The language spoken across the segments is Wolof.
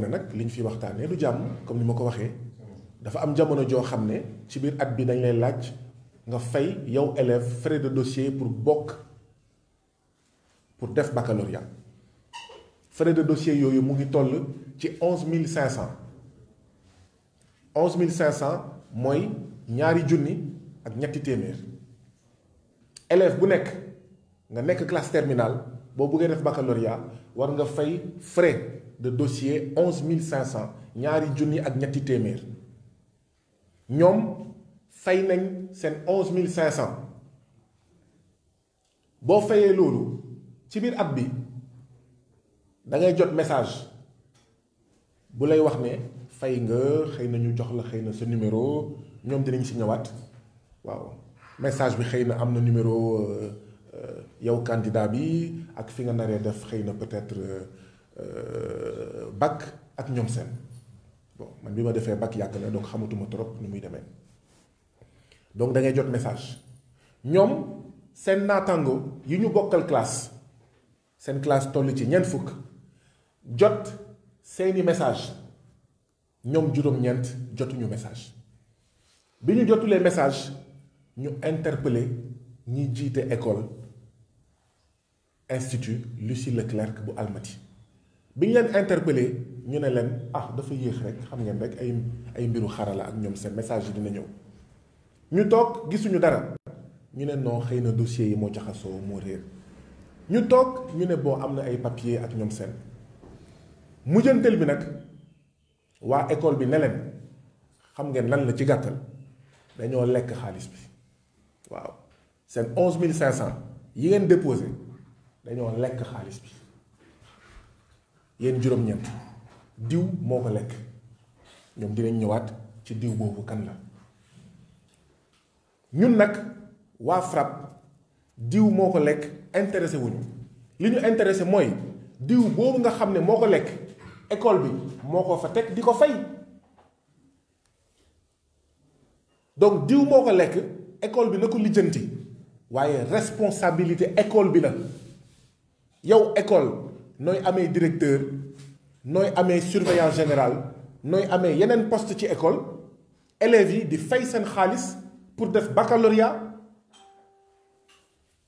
rawatina nag li ñu fi waxtaanee du jàmm comme ni ma ko waxee dafa am jamono joo xam ne ci biir at bi dañ lay laaj nga fay yow élève frais de dossier pour bokk pour def baccalauréat frais de dossier yooyu mu ngi toll ci onze mille cinq cent onze mille cinq cent mooy ñaari junni ak ñetti téeméer élève bu nekk nga nekk classe terminale boo buggee def baccalauréat war nga fay frais de dossiers onze mille cinq cent ñaari junni ak ñetti téeméer ñoom fay nañ seen onze mille cinq cent boo fayee loolu ci biir at bi da ngay jot message bu lay wax ne fay nga xëy na ñu jox la xëy na sa numéro ñoom dinañ si ñëwaat waaw message bi xëy na am na numéro euh, euh, yow candidat bi ak fi nga naree def xëy na peut-être. Euh, bac ak ñoom seen bo man bi ma defee bac yàgg na donc xamatuma trop ni muy demee donc da jot message ñoom seen naataango yi ñu bokkal classe seen classe toll ci ñeent fukk jot seeni message ñoom juróom-ñeent jotuñu message bi ñu jotulee message ñu interpellé ñi jiite école institut Lucie Leclerc bu Almati bi ñu leen interpellé ñu ne leen ah dafa yéex rek xam ngeen rek ay ay mbiru xarala ak ñoom seen message yi dina ñëw ñu toog gisuñu dara ñu ne noo xëy na dossiers yi moo jaxasoo moo réer ñu toog ñu ne boo am na ay papier ak ñoom seen mujjantel bi nag waa école bi ne leen xam ngeen lan la ci gàttal dañoo lekk xaalis bi waaw seen onze mille cinq cent yi ngeen déposé dañoo lekk xaalis bi yéen juróom-ñeent diw moo ko lekk ñoom dinañ ñëwaat ci diw boobu kan la ñun nag waa FRAPP diw moo ko lekk intéressé wuñu li ñu intéressé mooy diw boobu nga xam ne moo ko lekk école bi moo ko fa teg di ko fay donc diw moo ko lekk école bi na ko lijjanti waaye responsabilité école bi la yow école nooy amee directeur nooy amee surveillant général nooy amee yeneen poste ci école élèves yi di fay seen xaalis pour def baccalauréat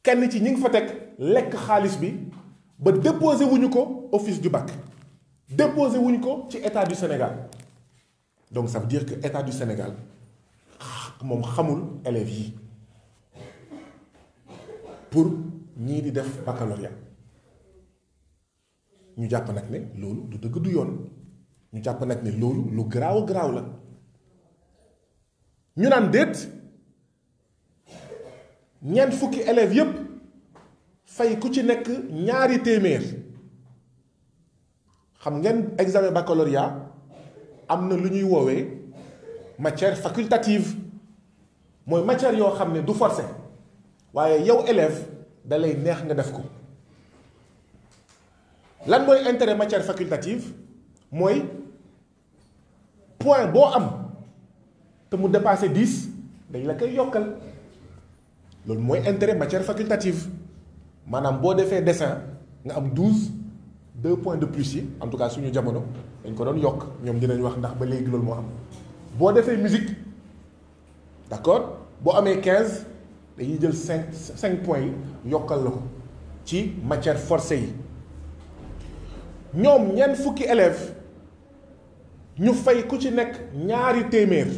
kenn ci ñi ngi fa teg lekk xaalis bi ba déposé wuñu ko office du bac déposé wuñu ko ci état du Sénégal donc ça veut dire que état du Sénégal moom xamul élèves yi pour ñii di def baccalauréat ñu jàpp nag ne loolu du dëgg du yoon ñu jàpp nag ne loolu lu garaaw garaaw la ñu naan déet ñeent fukki élèves yépp fay ku ci nekk ñaari téeméer xam ngeen examen baccalauréat am na lu ñuy woowee matière facultative mooy matière yoo xam ne du forcé waaye yow élève da lay neex nga def ko lan mooy intérêt matière facultative mooy point boo am te mu dépassé dix dañ la koy yokkal loolu mooy intérêt matière facultative maanaam boo defee dessin nga am douze deux points de plus yi en tout cas suñu jamono dañ ko doon yokk ñoom dinañ wax ndax ba léegi loolu moo am boo defee musique d'accord boo amee quinze dañuy jël cinq cinq points yi yokkal la ko ci matière forcée yi. ñoom ñeent fukki élèves ñu fay ku ci nekk ñaari téeméer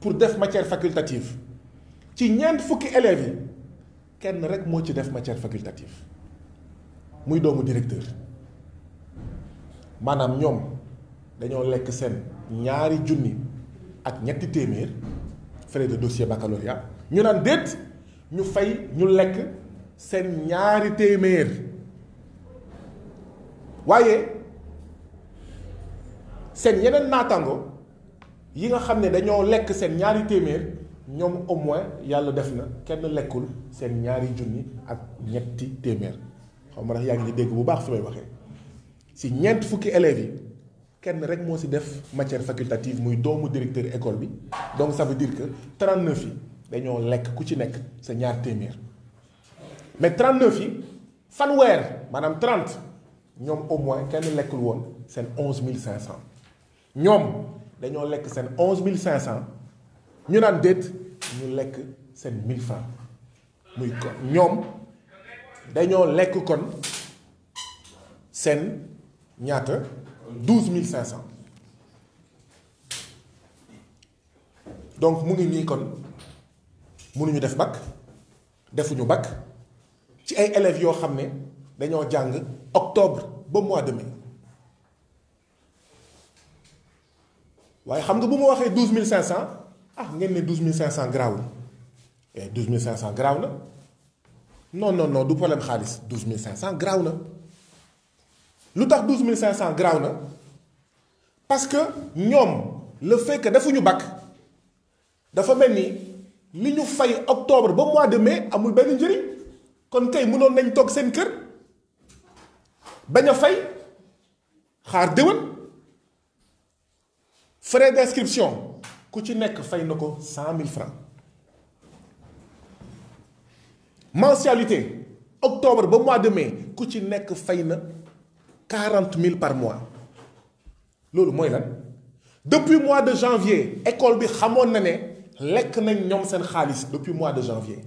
pour def matière facultative ci ñeent fukki élèves yi kenn rek moo ci def matière facultative muy doomu directeur maanaam ñoom dañoo lekk seen ñaari junni ak ñetti téeméer frais de dossier baccalauréat ñu naan déet ñu fay ñu lekk seen ñaari téeméer. waaye seen yeneen naataango yi nga xam ne dañoo lekk seen ñaari téeméer ñoom au moins yàlla def na kenn lekkul seen ñaari junni ak ñetti téeméer xaw ma ndax yaa ngi dégg bu baax fi may waxee si ñeent fukki élèves yi kenn rek moo si def matière facultative muy doomu directeur école bi donc ça veut dire que yi dañoo lekk ku ci nekk sa ñaar téeméer mais 39 yi fanweer maanaam 30 ñoom au moins kenn lekkul woon seen onze mille cinq cent ñoom dañoo lekk seen onze mille cinq cent ñu naan déet ñu lekk seen mille francs muy kon ñoom dañoo lekk kon seen ñaata douze mille cent donc mu ngi nii kon munuñu def bac defuñu bac ci ay élèves yoo xam ne dañoo jàng octobre ba mois de mai waaye xam nga bu ma waxee douze mille cinq cent ah ngeen ne douze mille cinq cent graawul eh douze mille cinq cent graaw na non non du problème xaalis douze mille cinq cent graaw na lu tax douze mille cinq cent graaw na parce que ñoom le fait que defuñu bac dafa mel ni li ñu fay octobre ba mois de mai amul benn njëriñ kon tey mënoon nañ toog seen kër. bañ a fay xaar déwén frais d'inscription ku ci nekk fay na ko cent mille francs mensualité octobre ba mois de mai ku ci nekk fay na quarante mille par mois loolu mooy lan depuis mois de janvier école bi xamoon na ne lekk nañ ñoom seen xaalis depuis mois de janvier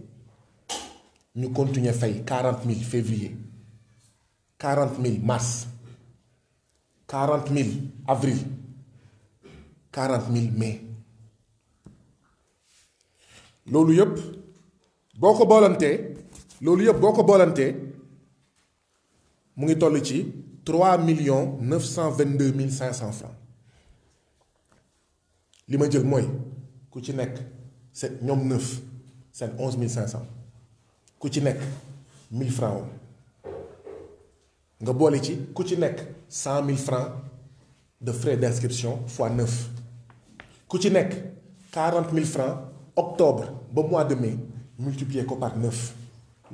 ñu continuer fay quarante mille février quarante mille mars quarante mille avril quarante mille mais loolu yëpp boo ko boolantee loolu yëpp boo ko boolantee mu ngi toll ci trois millions neuf cent vingt deux mille cinq cent francs li ma jël mooy ku ci nekk c'est ñoom neuf seen onze mille cinq cent ku ci nekk mille francs nga boole ci ku ci nekk cent mille francs de frais d'inscription fois neuf ku ci nekk quarante mille francs octobre ba mois de mai multiplier ko par neuf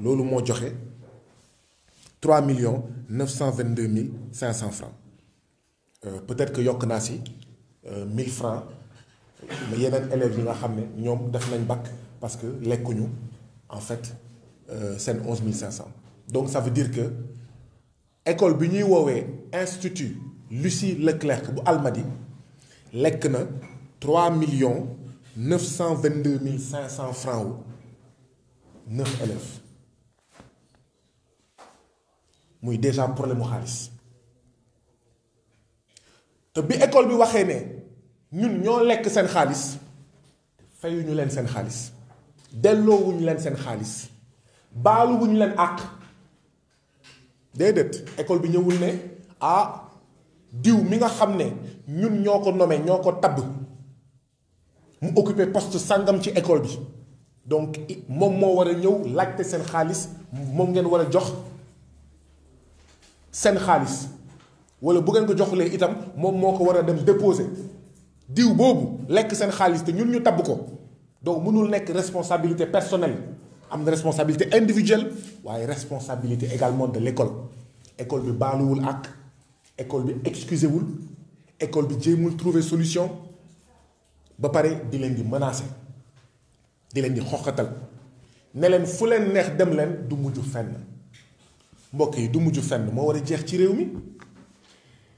loolu moo joxe trois millions neuf cent vingt deux mille cinq cent francs euh, peut-être que yokk naa si euh, mille francs yeneen élèves yi nga xam ne ñoom def nañ bac parce que lekkuñu en fait euh, seen onze mille cinq cent donc ça veut dire que école bi ñuy woowee institut Lucie Leclerc bu Almadi lekk na trois millions neuf cent vingt deux mille cinq cent francs wu neuf élèves muy déjà problème mu xaalis te bi école bi waxee ne ñun ñoo lekk seen xaalis fayuñu leen seen xaalis delloowuñu leen seen xaalis baaluwuñu leen àq. déedéet école bi ñëwul ne ah diw mi nga xam ne ñun ñoo ko nommé ñoo ko tabb mu occupé poste sàngam ci école bi donc moom moo war a ñëw laajte seen xaalis moom ngeen war a jox seen xaalis wala bu ngeen ko joxulee itam moom moo ko war a dem déposer diw boobu lekk seen xaalis te ñun ñu tabb ko donc mënul nekk responsabilité personnelle. am na responsabilité individuelle waaye responsabilité également de l'école école bi baaluwul ak école bi excusé wul école bi jéemul trouver solution ba pare di leen di menacer di leen di xoqatal neleen fu leen neex dem leen du mujj fenn mbokk yi du mujj fenn moo war a jeex ci réew mi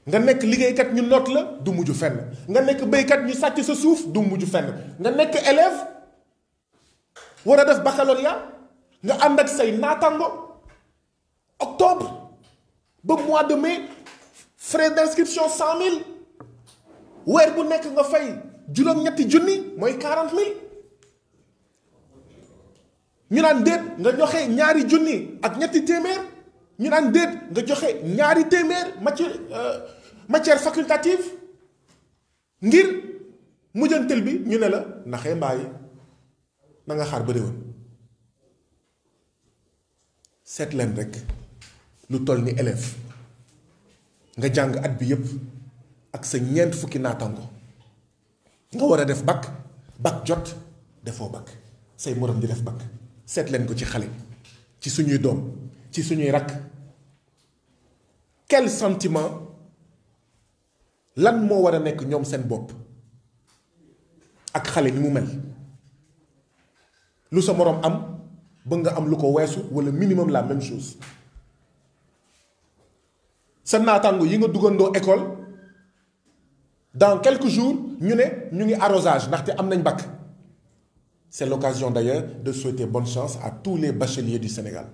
nga nekk liggéeykat ñu noot la du mujj fenn nga nekk béykat ñu sàcc sa suuf du mujj fenn nga nekk élève war a def baccalauréat nga ànd ak say naatango octobre ba mois de mai frais d'inscription cent mille weer bu nekk nga fay juróom-ñetti junni mooy quarante mille ñu naan déet nga joxe ñaari junni ak ñetti téeméer ñu naan déet nga joxe ñaari téeméer matière euh, matière facultative ngir mujjantel bi ñu ne la naxee mbaa na nga xaar ba déwén seet leen rek lu toll ni élève nga jàng at bi yépp ak sa ñeent fukki naatango nga war a def bac bac jot defoo bac say morom di def bac seet leen ko ci xale ci suñuy doom ci suñuy rakk kel sentiment lan moo war a nekk ñoom seen bopp ak xale ni mu mel lu sa moroom am bëgg nga am lu ko weesu walla minimum la même chose sa naataango yi nga duggandoo école dans quelques jour ñu ne ñu ngi arrosage ndax ndaxte am nañ bac c'est l'occasion d'ailleurs de souhaiter bonne chance à tous les bacheliers du Sénégal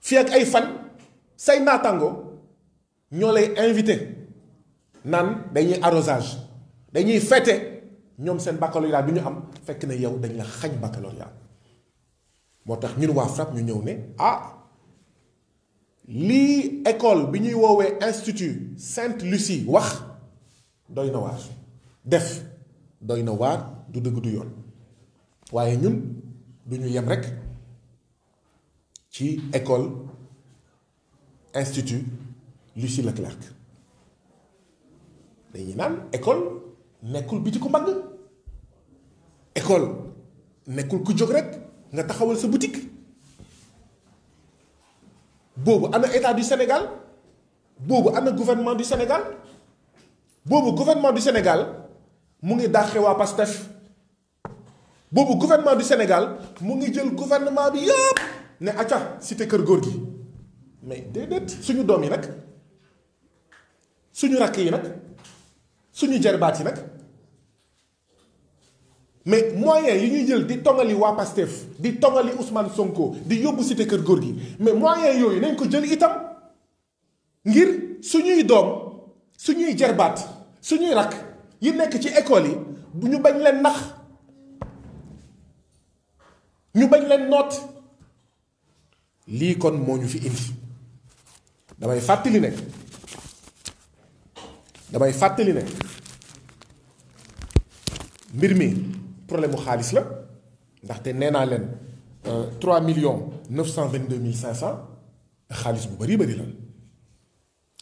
fii ak ay fan say naataango ñoo lay invité naan dañuy arrosage dañuy fêter ñoom seen baccalauréat bi ñu am fekk na yow dañ la xañ baccalauréat moo tax ñun waa FRAPP ñu ñëw ne ah lii école bi ñuy woowee institut Sainte-Lucie wax doy na waar def doy na waar du dëgg du yoon waaye ñun du ñu yem rekk ci école institut Lucie Leclerc dañuy naan école nekkul bi biti ko mag école nekkul ku jóg rek nga taxawal sa boutique boobu ana état du Sénégal boobu ana gouvernement du Sénégal boobu gouvernement du Sénégal mu ngi dàqe waa PASTEF boobu gouvernement du Sénégal mu ngi jël gouvernement bi yëpp ne acca cité kër góor gi mais déedéet suñu doom yi nag suñu rakk yi nag suñu jarbaat yi nag. mais moyen yi ñuy jël di tongali waa Pastef di tongali Ousmane Sonko di yóbbu cité kër góor gi mais moyen yooyu nañ ko jël itam ngir suñuy doom suñuy jarbaat suñuy rakk yi nekk ci école yi bu ñu bañ leen nax ñu bañ leen noot lii kon moo ñu fi indi damay fàttali ne damay fàttali ne mbir mi problème bu xaalis la ndaxte nee naa leen 3 euh, millions 922 mille 500 xaalis bu bëri bari la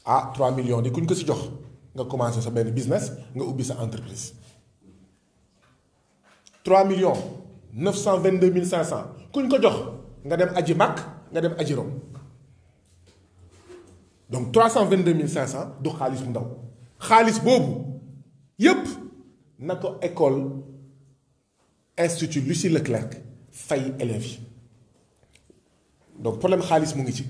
ah 3 millions di kuñ ko si jox nga commencé sa benn business nga ubbi sa entreprise 3 millions 922 mille 500 kuñ ko jox nga dem aji màkk nga dem aji rom donc 322 mille 500 du xaalis bu ndaw xaalis boobu yépp na ko école. institut Lucie Leclerc fay élèves yi donc problème xaalis mu ngi ci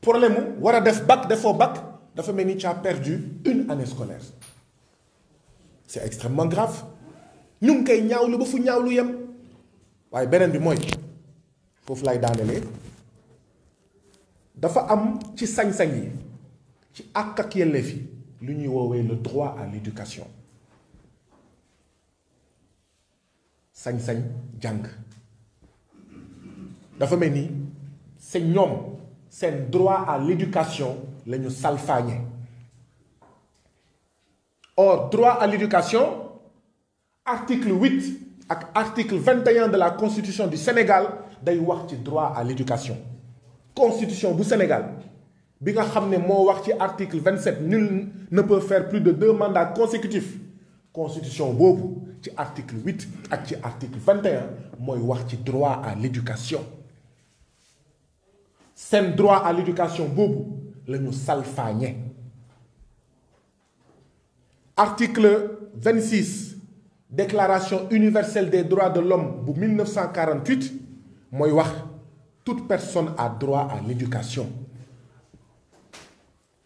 problème mu war a def bac defoo bac dafa mel ni tu as perdu une année scolaire c'est extrêmement grave ñu ngi koy ñaaw ñaawlu ba fu lu yem waaye beneen bi mooy foofu lay daanelee dafa am ci sañ-sañ yi ci àq ak yelleef yi lu ñuy woowee le droit à l'éducation sañ-sañ jàng dafa mel ni c'est ñoom seen droit à l'éducation la ñu salfaañe or droit à l'éducation article 8 ak article 21 de la constitution du Sénégal day wax ci droit à l'éducation constitution bu Sénégal bi nga xam ne moo wax ci article 27 nul ne peut faire plus de deux mandats consécutifs constitution boobu ci article huit ak ci article vingt mooy wax ci droit à l'éducation seen droit à l'éducation boobu la ñu salfaañe article vingt six déclaration universelle des droits de l'homme bu 1948 mooy wax tout personne a droit à l'éducation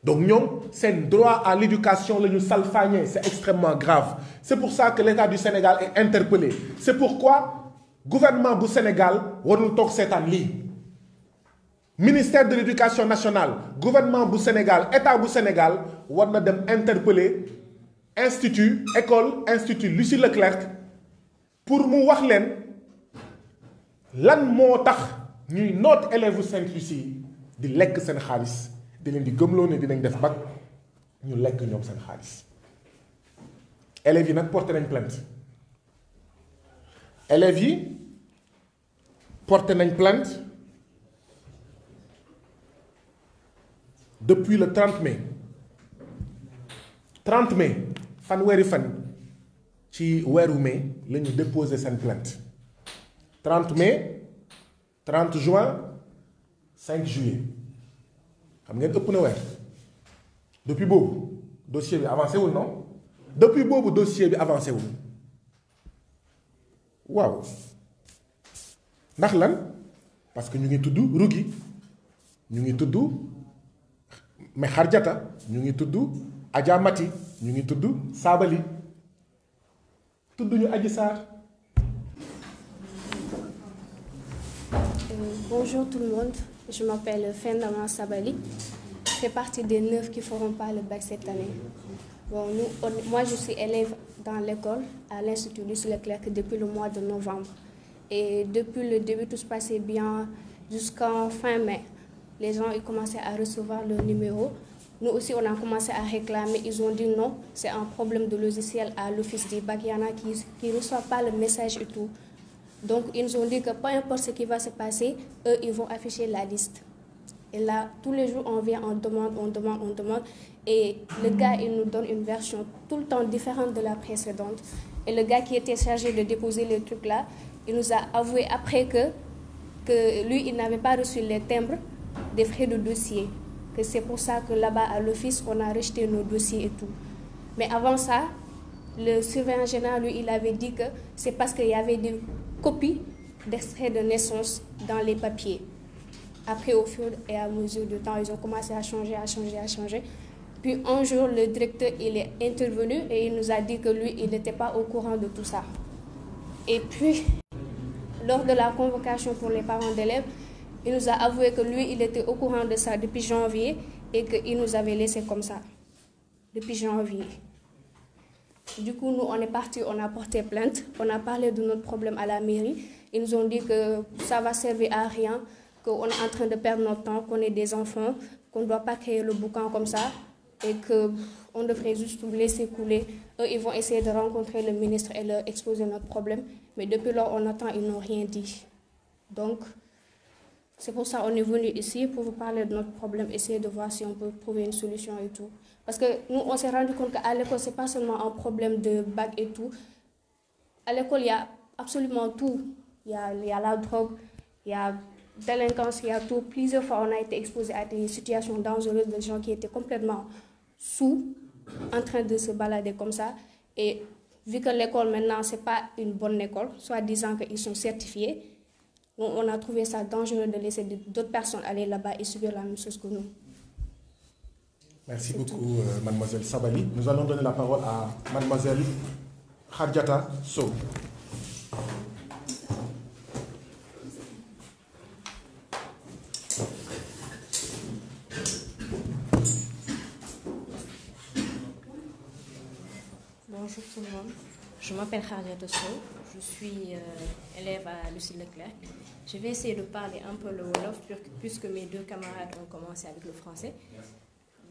donc ñoom seen droit à l'éducation la ñu salfaañee c'est extrêmement grave c'est pour ça que l'État du Sénégal est interpellé c'est pourquoi gouvernement bu Sénégal warul toog seetaan lii ministère de l'éducation nationale gouvernement bu Sénégal État bu Sénégal war na dem interpeller institut école institut Lucie Leclerc pour mu wax leen lan moo tax ñuy noot élèves Sainte-Lucie di lekk seen xaalis di leen di gëmloo ne dinañ def bac ñu lekk ñoom seen xaalis élèves yi nag porté nañ plainte élèves yi porté nañ plainte depuis le 30 mai 30 mai fanweeri fan ci weeru mai la ñu déposé seen plainte 30 mai 30 juin 5 juillet xam ngeen ëpp na weer depuis boobu dossier bi avancé wul non depuis boobu dossier bi avancé wul waaw ndax lan parce que ñu ngi tudd Rougui ñu ngi tudd mais Xarjata ñu ngi tudd Adja ñu ngi tudd Saabali tudd ñu Adji Sarr. Euh, Je m'appelle Fendaman Sabali. Je partie des neuf qui ne feront pas le bac cette année. moi, je suis élève dans l'école à l'Institut Lucie Leclerc depuis le mois de novembre. Et depuis le début, tout se passait bien jusqu'en fin mai. Les gens ils commençaient à recevoir le numéro. Nous aussi, on a commencé à réclamer. Ils ont dit non, c'est un problème de logiciel à l'office des bac. Il qui reçoivent pas le message et tout. Donc, ils nous ont dit que peu importe ce qui va se passer, eux, ils vont afficher la liste. Et là, tous les jours, on vient, on demande, on demande, on demande. Et le gars, il nous donne une version tout le temps différente de la précédente. Et le gars qui était chargé de déposer les trucs là, il nous a avoué après que, que lui, il n'avait pas reçu les timbres des frais de dossier. Que c'est pour ça que là-bas, à l'office, on a rejeté nos dossiers et tout. Mais avant ça, le surveillant général, que c'est parce copie d'extrait de naissance dans les papiers. Après, au fur et à mesure du temps, ils ont commencé à changer, à changer, à changer. Puis un jour, le directeur, il est intervenu et il nous a dit que lui, il n'était pas au courant de tout ça. Et puis, lors de la convocation pour les parents d'élèves, il nous a avoué que lui, il était au courant de ça depuis janvier et qu'il nous avait laissé comme ça, depuis janvier. Du coup, nous, on est parti, on a porté plainte, on a parlé de notre problème à la mairie. Ils nous ont dit que ça va servir à rien, qu'on est en train de perdre notre temps, qu'on est des enfants, qu'on ne doit pas créer le boucan comme ça et qu'on devrait juste tout laisser couler. Eux, ils vont essayer de rencontrer le ministre et leur exposer notre problème. Mais depuis lors, on attend, ils n'ont rien dit. Donc, c'est pour ça qu'on est venu ici, pour vous parler de notre problème, Parce que nous, on s'est rendu compte qu'à l'école, ce n'est pas seulement un problème de bac et tout. À l'école, y a absolument tout. y a, la drogue, il y a délinquance, il y a tout. Plusieurs fois, on a été exposé à des situations dangereuses de gens qui étaient complètement sous, en train de se balader comme ça. Et vu que l'école maintenant, ce n'est pas une bonne école, soit disant qu'ils sont certifiés, on a trouvé ça dangereux de laisser d'autres personnes aller Merci beaucoup, euh, mademoiselle Sabali. Nous allons donner la parole à mademoiselle Khadjata Sow. Bonjour tout le monde. Je m'appelle Khadjata Sow. Je suis euh, élève à Lucille Leclerc. Je vais de parler un peu le Wolof puisque mes deux camarades ont commencé avec le français.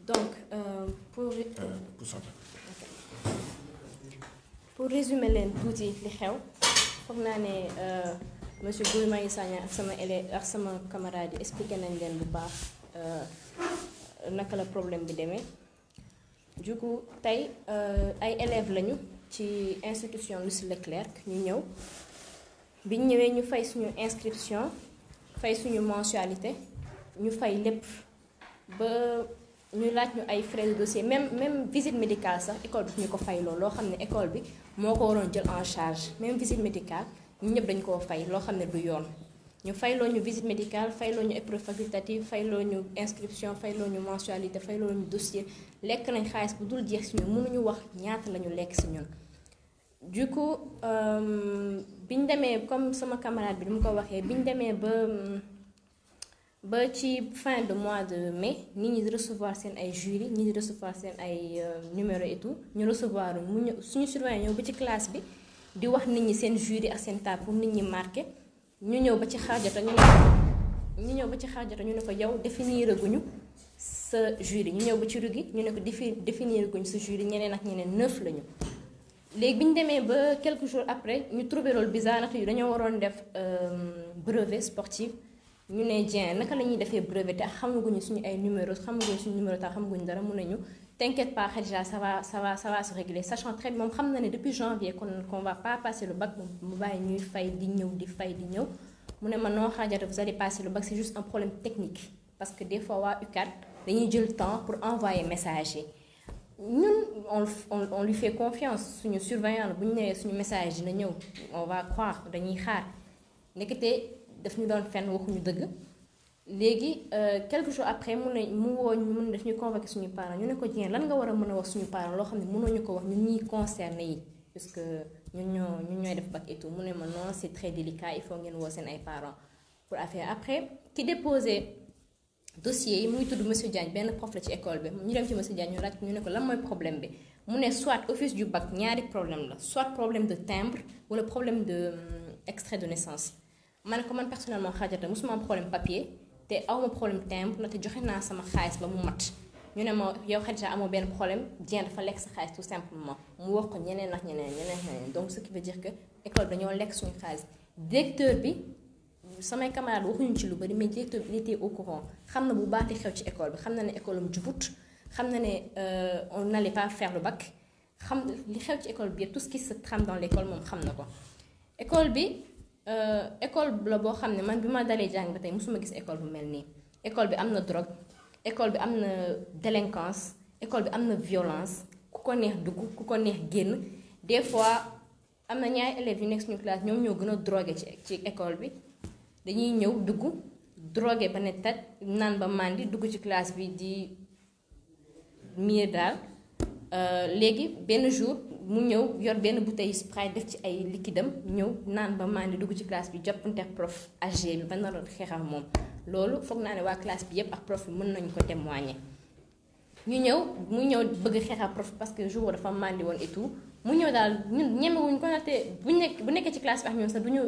Donc, euh, pour... Euh, pour résumer leen tuuti li xew foog naa ne euh, monsieur Guy Marius Sagna ak sama élève ak sama camarade yi expliqué nañ leen bu baax euh, naka la problème bi demee du coup tey ay élèves lañu ci institution Lucie Leclerc ñu ñëw biñ ñëwee ñu fay suñu inscription fay suñu mensualité ñu fay lépp ba. ñu laaj ñu ay frais de dossier même même visite médicale sax école bi fu ñu ko fay loolu loo xam ne école bi moo ko waroon jël en charge même visite médicale ñu ñëpp dañ koo fay loo xam ne du yoon ñu fay loo ñu médical fay fayloo ñu épreuve fay loo ñu inscription fayloo ñu mensualité loo ñu dossier lekk nañ xaalis bu dul jeex si ñun ñu wax ñaata la ñu lekk si ñun du coup euh, biñ demee comme sama camarade bi ni mu ko waxee biñ demee ba ba ci fin de mois de mai nit ñi di recevoir seen ay jury ñi di recevoir seen ay euh, numéro et ñu recevoir mu suñu surveillant ñëw ba ci classe bi di wax nit ñi seen jury ak seen table pour nit ñi marqué ñu ñëw ba ci xaajata ñu ne ñëw ba ci xaajata ñu ne ko yow définir sa jury ñu ñëw ba ci rugi ñu ne ko définir guñu sa jury ñeneen ak ñeneen neuf lañu léegi bi ñu demee ba quelques jours après ñu trouvé loolu bizarre nag yu dañoo waroon def euh, brevet sportif. ñu ne Dieng naka la ñuy defee brevet te xamaguñu suñu ay numéros xamaguñu suñu numéro te xamaguñu dara mun nañu t'inquiète pas Khadija ça va ça va ça va se régler sachant très bien moom xam na ne depuis janvier kon qu'on va pas passer le bac mu bàyyi ñuy fay di ñëw mu ne ma non Khadija vous allez passer le bac c'est juste un problème technique parce que des fois waa UCAD dañuy jël temps pour envoyer message yi ñun on on on lui fait confiance suñu surveillant bu ñu ñëwee suñu message na ñëw on va croire dañuy xaar nekkete. daf ñu doon fenn waxuñu dëgg léegi euh, quelques jours après mun nañ mu woo ñu mun daf ñu convoqué suñu parents ñu ne ko Dieng lan nga war a mën a wax suñu parents loo xam ne mënoo ñu ko wax ñu ñuy concerné yi parce que ñun ñoo ñun ñooy def bac et tout mu ne ma non c'est très délicat il faut ngeen woo seen ay parents pour affaire après ki déposé dossier yi muy tudd monsieur Diagne benn prof la ci école bi ñu dem ci monsieur Diagne ñu laaj ñu ne ko lan mooy problème bi mu ne soit office du bac ñaari problème la soit problème de timbre wala problème de extrait de naissance. ma ne ko man personnellement xaajata mosuma am problème papier te aw ma problème timbre te joxe naa sama xaalis ba mu mat ñu ne ma yow xaajata amoo benn problème Dieng dafa lekk sa xaalis tout simplement mu wax ko ñeneen ak ñeneen ñeneen ñeneen donc ce qui veut dire que école dañoo lekk suñu xaalis directeur bi samay camarades waxuñu ci lu bari mais directeur bi il était au xam na bu baax li xew ci école bi xam na ne école am jubut xam na ne euh, on n'allait pas faire le xam li xew ci école bi yëpp tout ce qui se l'école moom xam na ko Euh, école la boo xam ne man bi ma dalee jàng ba tey mosuma gis école bu mel nii école bi am na drogue école bi am na délinquance école bi am na violence ku ko neex dugg ku ko neex génn des fois am na ñaari élèves yu nekk suñu classe ñoom ñoo gën a drogué ci ci école bi dañuy ñëw dugg drogué ba ne taj naan ba màndi dugg ci classe bi di mieux daal euh, léegi benn jour mu ñëw yor benn bouteille Sprite def ci ay liquide ñëw naan ba maandi dugg ci classe bi jàppante ak prof AG bi ba naroon xeex ak moom loolu foog naa ne waa classe bi yépp ak prof bi mën nañu ko témoigner ñu ñëw mu ñëw bëgg xeex ak prof parce que jour dafa mandi woon et tout mu ñëw daal ñun ñemewuñ ko ndaxte bu nekk bu nekkee ci classe bi ak ñun sax duñu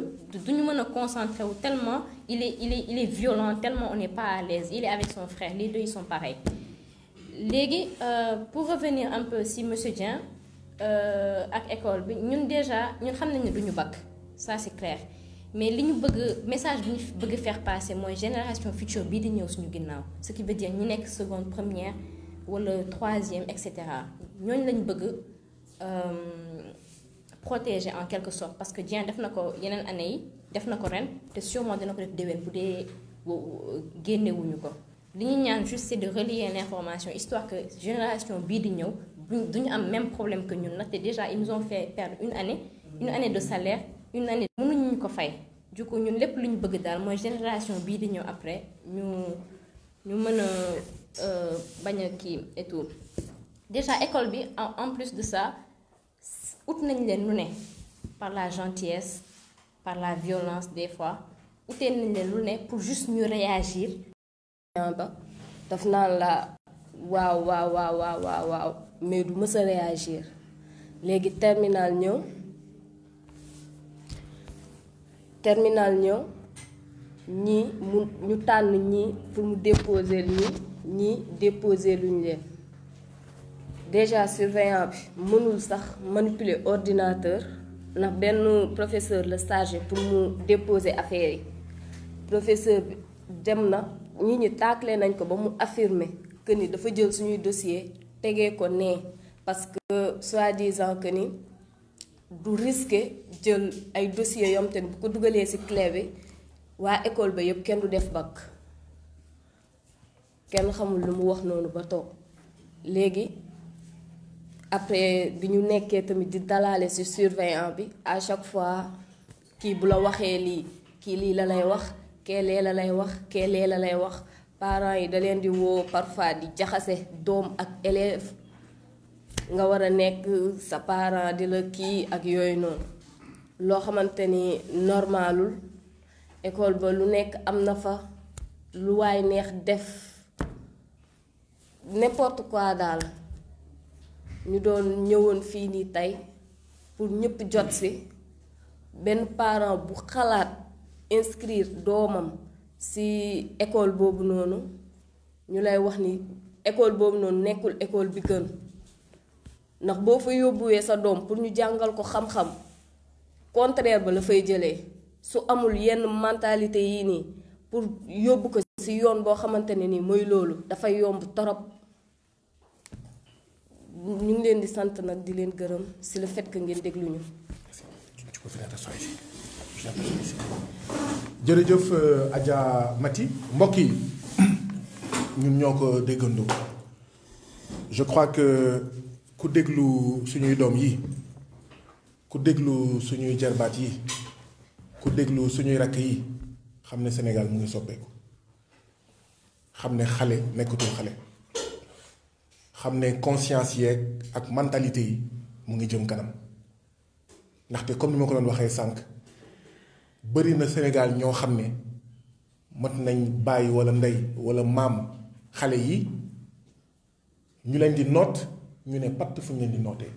duñu mën a concentré wu tellement il est il est il est violent tellement on n'est pas à l'aise il est avec son frère les deux ils sont pareils léegi euh, pour revenir un peu si monsieur Dieng Euh, ak école bi ñun déjà ñun xam nañ ne du ñu bakk ça c'est clair mais li ñu bëgg message bi ñu bëgg faire passer mooy génération future bii di ñëw suñu ginnaaw ce qui veut dire ñu nekk seconde première wala troisième et cetera ñooñu lañ bëgg euh, protéger en quelque sorte parce que Dieng def na ko yeneen année yi def na ko ren te sûrement dina ko def déwén bu dee génnewuñu ko li ñu ñaan juste c'est de relier l'information histoire que génération bii di ñëw. du ñu am même problème que ñun na te déjà ils nous ont fait perdre une année une année de salaire une année mënuñu ñu ko fay du coup ñun lépp lu ñu bëgg daal mooy génération bii di ñëw après ñu ñu mën a euh, bañ a kii et déjà école bi en plus de ça ut nañ leen lu ne par la gentillesse par la violence des fois utee nañ leen lu ne pour juste ñu réagir ba daf naan la waaw waaw mais du mës réagir léegi terminal ñëw terminal ñëw ñii mu ñu tànn ñii pour mu déposer ñi ñii déposer luñ leen déjà surveillant bi mënul sax manipuler ordinateur ndax benn professeur la stage pour mu déposer affaire yi professeur bi dem na ñi ñu nañ ko ba mu affirmer que ni dafa jël suñuy dossier tegee ko nee parce que soi-disant que ni du risqué jël ay dossiers yom te bu ko dugalee ci clé bi waa école ba yëpp kenn du def bac kenn xamul lu mu wax noonu ba toog léegi après bi ñu nekkee tamit di dalaale ci surveillant bi à chaque fois kii bu la waxee lii kii lii la lay wax kee lee la lay wax kee lee la lay wax parent yi da leen di woo parfois di jaxase doom ak élève nga war a nekk sa parent di la kii ak yooyu noonu loo xamante ni normalul école ba lu nekk am na fa lu waay neex def n'importe quoi daal ñu doon ñëwoon fii nii tey pour ñëpp jot si benn parent bu xalaat inscrire doomam si école boobu noonu ñu lay wax ni école boobu noonu nekkul école bi gën ndax boo fa yóbbuwee sa doom pour ñu jàngal ko xam-xam contraire ba la fay jëlee su amul yenn mentalité yi nii pour yóbbu ko si yoon boo xamante ne nii mooy loolu dafay yomb torop ñu ngi leen di sant nag di leen gërëm si la fait que ngeen déglu ñu. jërëjëf euh, Adja Mati mbokk yi ñun ñoo ko déggandoo je crois que ku déglu suñuy doom yi ku déglu suñuy jarbaat yi ku déglu suñuy rakk yi xam ne Sénégal mu ngi soppeeku xam ne xale nekkatul xale xam ne conscience yeeg ak mentalité yi mu ngi jëm kanam ndaxte comme ni ma ko doon waxee sànq. bëri na Sénégal ñoo xam ne mat nañ bàyyi wala ndey wala maam xale yi ñu leen di noot ñu ne patt fu ñu leen di nootee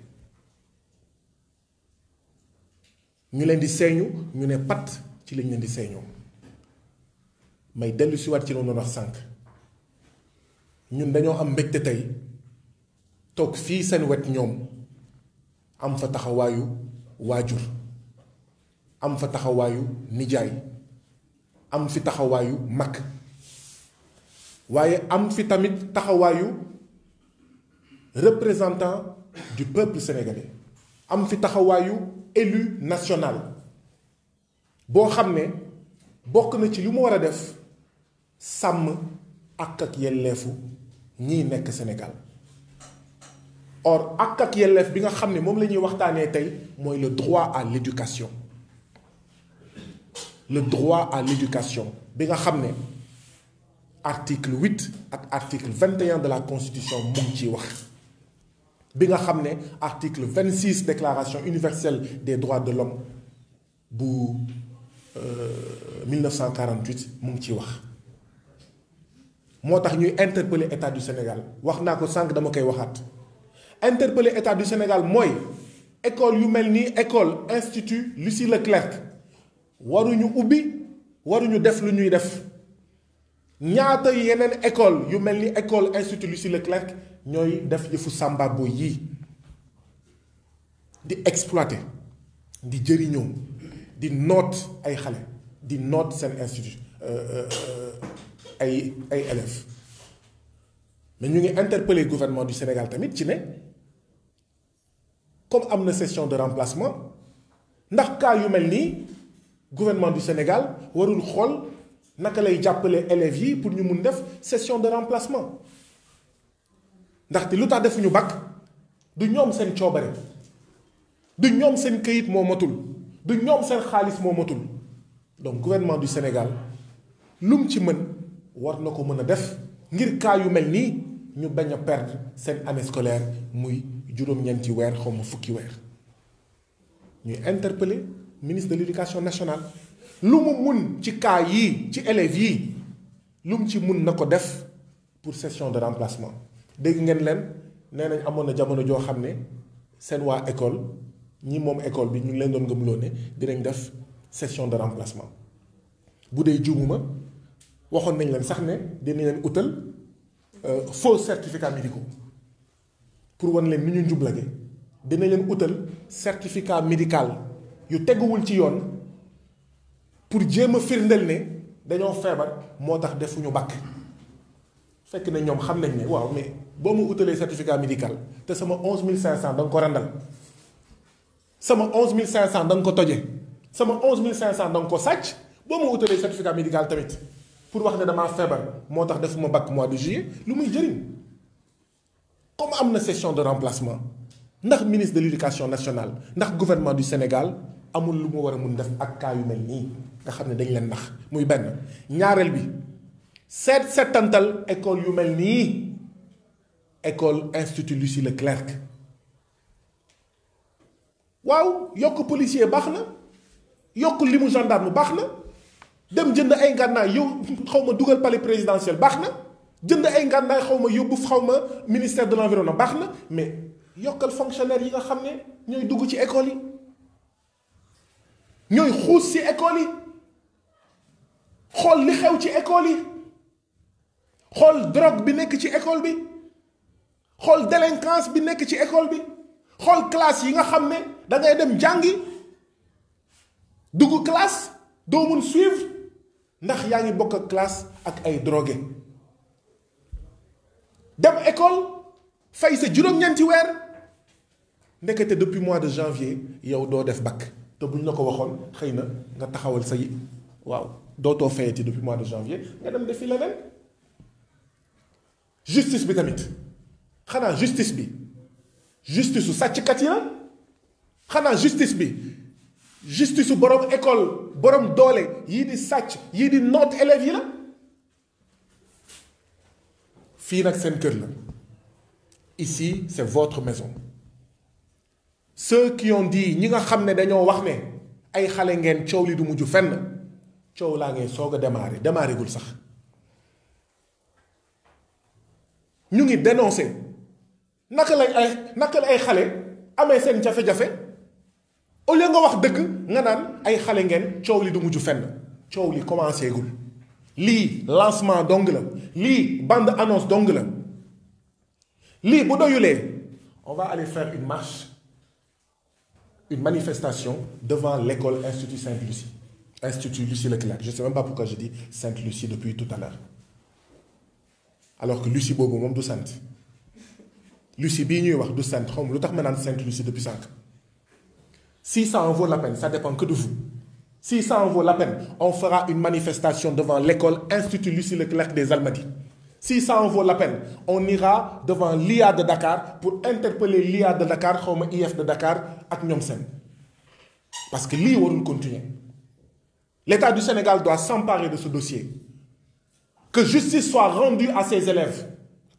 ñu leen di seeñu ñu ne patt ci lañ leen di seeñoo may dellu si ci noonu wax sànq ñun dañoo am mbégte tey toog fii seen wet ñoom am fa taxawaayu waajur am fa taxawaayu nijaay am fi taxawaayu mag waaye am fi tamit taxawaayu représentant du peuple sénégalais am fi taxawaayu élu national boo xam ne bokk na ci li mu war a def sàmm ak ak yelleefu ñiy nekk Sénégal or ak ak yelleef bi nga xam ne moom la ñuy waxtaanee tey mooy le droit à l'éducation le droit à l'éducation bi nga xam ne article huit ak article vingt et un de la constitution mu ngi ciy wax bi nga xam ne article vingt six déclaration universelle des droits de l'homme bu 1948 euh, mu ngi ciy wax moo tax ñuy interpeller état du Sénégal wax naa ko sànq dama koy waxaat interpeller état du Sénégal mooy école yu mel nii école institut Lucie Leclerc waruñu ubbi waruñu def lu ñuy def ñaata yeneen école yu mel ni école institut Lucie Leclerc ñooy def yëfu Samba Boy yii di exploiter di jëriñoo di noot ay xale di noot seen institut euh, euh, ay ay élèves mais ñu ngi interpeller gouvernement du Sénégal tamit ci ne comme am na session de remplacement ndax cas yu mel nii. gouvernement du Sénégal warul xool naka lay jàppale élèves yi pour ñu mun def session de remplacement ndaxte lu tax defuñu bac du ñoom seen coobare du ñoom seen këyit moo matul du ñoom seen xaalis moo matul donc gouvernement du Sénégal lu ci mën war na ko mën a def ngir cas yu mel nii ñu bañ a perdre seen année scolaire muy juróom-ñeenti weer xaw ma fukki weer ñuy interpeller ministre de l'éducation nationale lu mu mun ci cas yii ci élèves yii lu mu ci mun na ko def pour session de remplacement dégg ngeen leen nee nañ amoon na jamono joo xam ne seen waa école ñi moom école bi ñu leen doon gëmloo ne dinañ def session de remplacement bu dee juumuma waxoon nañ leen sax ne dinañ leen utal euh, faux certificats médicaux pour wan leen ni ñu dinañ leen utal certificat médical yu teguwul ci yoon pour jéem a firndeel ne dañoo feebar moo tax defuñu bakk fekk na ñoom xam nañ ne waaw mais boo ma utalee certificat médical te sama mille 11500 da nga ko randal sama 11500 da nga ko toje sama 11500 da nga ko sàcc boo mu utalee certificat médical tamit pour wax ne damaa feebar moo tax defuma bakk mois de juillet lu muy jëriñ comme am na session de remplacement ndax ministre de l'éducation nationale ndax gouvernement du Sénégal amul lu mu war a mun def ak kaa yu mel nii nga xam ne dañ leen nax muy benn ñaareel bi seet seetantal école yu mel nii école institut Lucie Leclerc waaw yokk policier baax na yokk limu gendarme baax na dem jënd ay ngànnaay yow xaw ma dugal pale présidentiel baax na jënd ay ngànnaay xaw ma yóbbu xaw ma ministère de l'environnement baax na mais yokkal fonctionnaire yi nga xam ne ñooy dugg ci école yi. ñooy xuus ci école yi xool li xew ci école yi xool drogue bi nekk ci école bi xool délinquance bi nekk ci école bi xool classe yi nga xam ne da dem jàngi dugg classe doo mun suivre ndax yaa ngi bokk classe ak ay drogué dem école fay sa juróom-ñeenti weer ndekete depuis mois de janvier yow doo def bac. te bu ñu la ko waxoon xëy na nga taxawal sa yi waaw dootoo fayati depuis mois de janvier nga dem defi leneen justice bi tamit xanaa justice bi justice su sàcckat yi la xanaa justice bi justice su borom école borom doole yii di sàcc yii di noot élèves yi la fii nag seen kër la ici c'est votre maison ceux qui ont ñi nga xam ne dañoo wax ne ay xale ngeen coow li du mujj fenn coow laa ngay soog a démarré démarré gul sax ñu ngi dénoncé naka lañ ay naka la ay xale amee seen jafe-jafe au nga wax dëgg nga naan ay xale ngeen coow li du mujj fenn coow li commencé gul lii lancement dong la lii bande annonce dong la lii bu doyulee on marche. une manifestation devant l'école Institut Sainte-Lucie. Institut Lucie Leclerc. Je ne sais même pas pourquoi je dis Sainte-Lucie depuis tout Alors que Lucie boobu moom du sant Lucie bii ñuy wax du sant xaw ma lu tax ma naan Sainte-Lucie depuis cinq si ça en vaut la peine ça dépend que de vous si ça en la peine on fera une manifestation devant l'école Institut Lucie Leclerc des Almadies si ça en vaut la peine on ira devant l'IA de Dakar pour interpeller l'IA de Dakar xawma IF de Dakar ak ñoom seen parce que lii warul continuer l'État du Sénégal doit s'emparer de ce dossier que justice soit rendue à ces élèves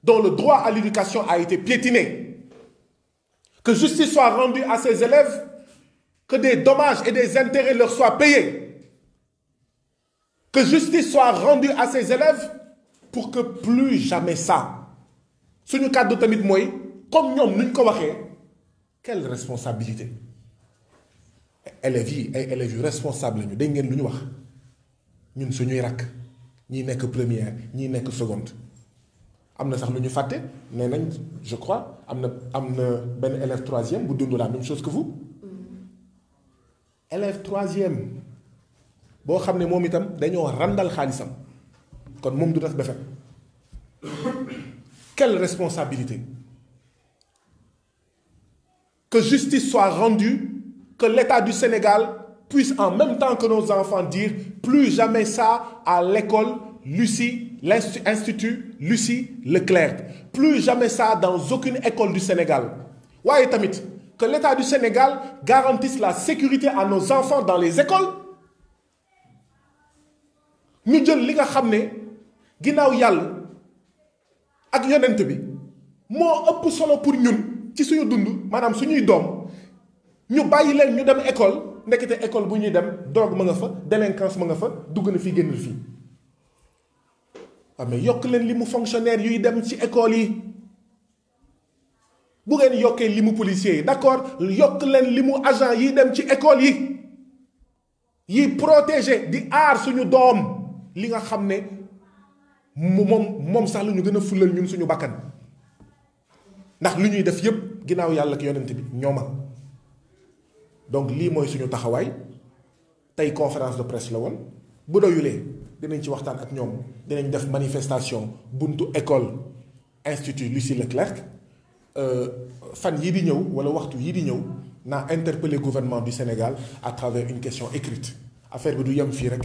dont le droit à l'éducation a été piétiné que justice soit rendue à ces élèves que des dommages et des intérêts leur soient payés que justice soit rendue à ces élèves pour que plus jamais ça suñu kàddu tamit mooy comme ñoom nuñ ko waxee quelle responsabilité élèves yi ay élèves yu responsable lañu dégg ngeen lu ñu wax ñun suñuy rakk ñii nekk première ñii nekk seconde am na sax lu ñu fàtte nee nañ je crois am na am na benn élève troisième bu dund la même chose que vous élève troisième boo xam ne moom itam dañoo randal xaalisam kon moom du def defet quelle responsabilité que justice soit rendue que l'État du Sénégal puisse en même temps que nos enfants dire plus jamais ça à l'école Lucie l'institut Lucie Leclerc plus jamais ça dans aucune école du Sénégal waaye tamit que l'État du Sénégal garantisse la sécurité à nos enfants dans les écoles ñu jël li nga xam ne ginnaaw yàlla ak yonent bi moo ëpp solo pour ñun ci suñu dund maanaam suñuy doom ñu bàyyi leen ñu dem école ndekete école bu ñuy dem drogue ma nga fa délinquance ma nga fa dugg na fi génn fii waaw ah, mais yokk leen li mu fonctionnaire yuy dem ci école yi bu ngeen yokkee li mu policiers yi d'accord yokk leen li mu agent yiy dem ci école yi yi protéger di aar suñu doom li nga xam ne mu moom moom sax lu ñu gën a fulal ñun suñu bàkkan ndax lu ñuy def yëpp ginnaaw yàlla ak yonante bi ñoomal donc lii mooy suñu taxawaay tey conférence de presse la woon bu doyulee dinañ ci waxtaan ak ñoom dinañ def manifestation buntu école institut Lucie Leclerc euh, fan yii di ñëw wala waxtu yii di ñëw naa interpeller gouvernement du Sénégal à travers une question écrite affaire bi du yem fii rek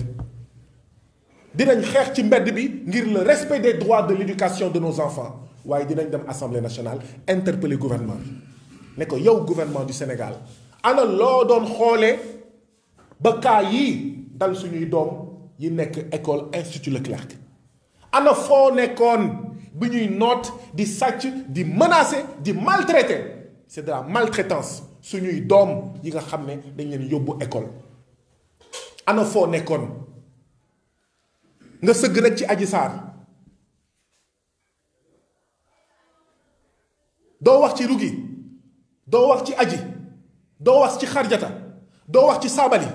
dinañ xeex ci mbedd bi ngir le respect des droits de l'éducation de nos enfants waaye dinañ dem assemblée nationale interpeller gouvernement bi ne ko yow gouvernement du Sénégal ana loo doon xoolee ba kaa yi dal suñuy doom yi nekk école institut Leclerc ana foo nekkoon bi ñuy noot di sàcc di menacer di maltraiter c'est de la maltraitance suñuy doom yi nga xam ne dañ leen yóbbu école ana foo nekkoon. nga sëgg rek ci aji saar doo wax ci rugi doo wax ci aji doo wax ci xarjata doo wax ci saabali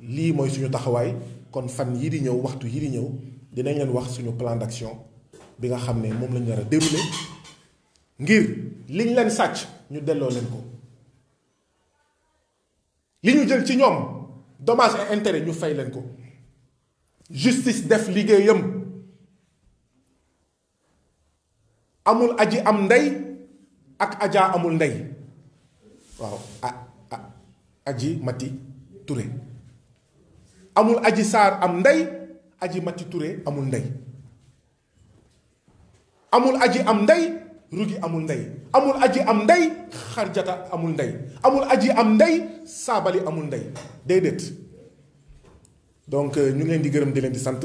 lii mooy suñu taxawaay kon fan yi di ñëw waxtu yi di ñëw dinañ leen wax suñu plan d'action bi nga xam ne moom lañ nar a déroulé ngir liñ leen sàcc ñu delloo leen ko li ñu jël ci ñoom dommage et intérêt ñu fay leen ko justice def liggéeyam amul aji am ndey ak ajaa amul ndey waaw a aji mati Touré amul aji saar am ndey aji mati Touré amul ndey amul aji am ndey yi amul ndey amul aji am ndey xarjata amul ndey amul aji am ndey saabali amul ndey déedéet donc euh, ñu ngi leen di gërëm di leen di sant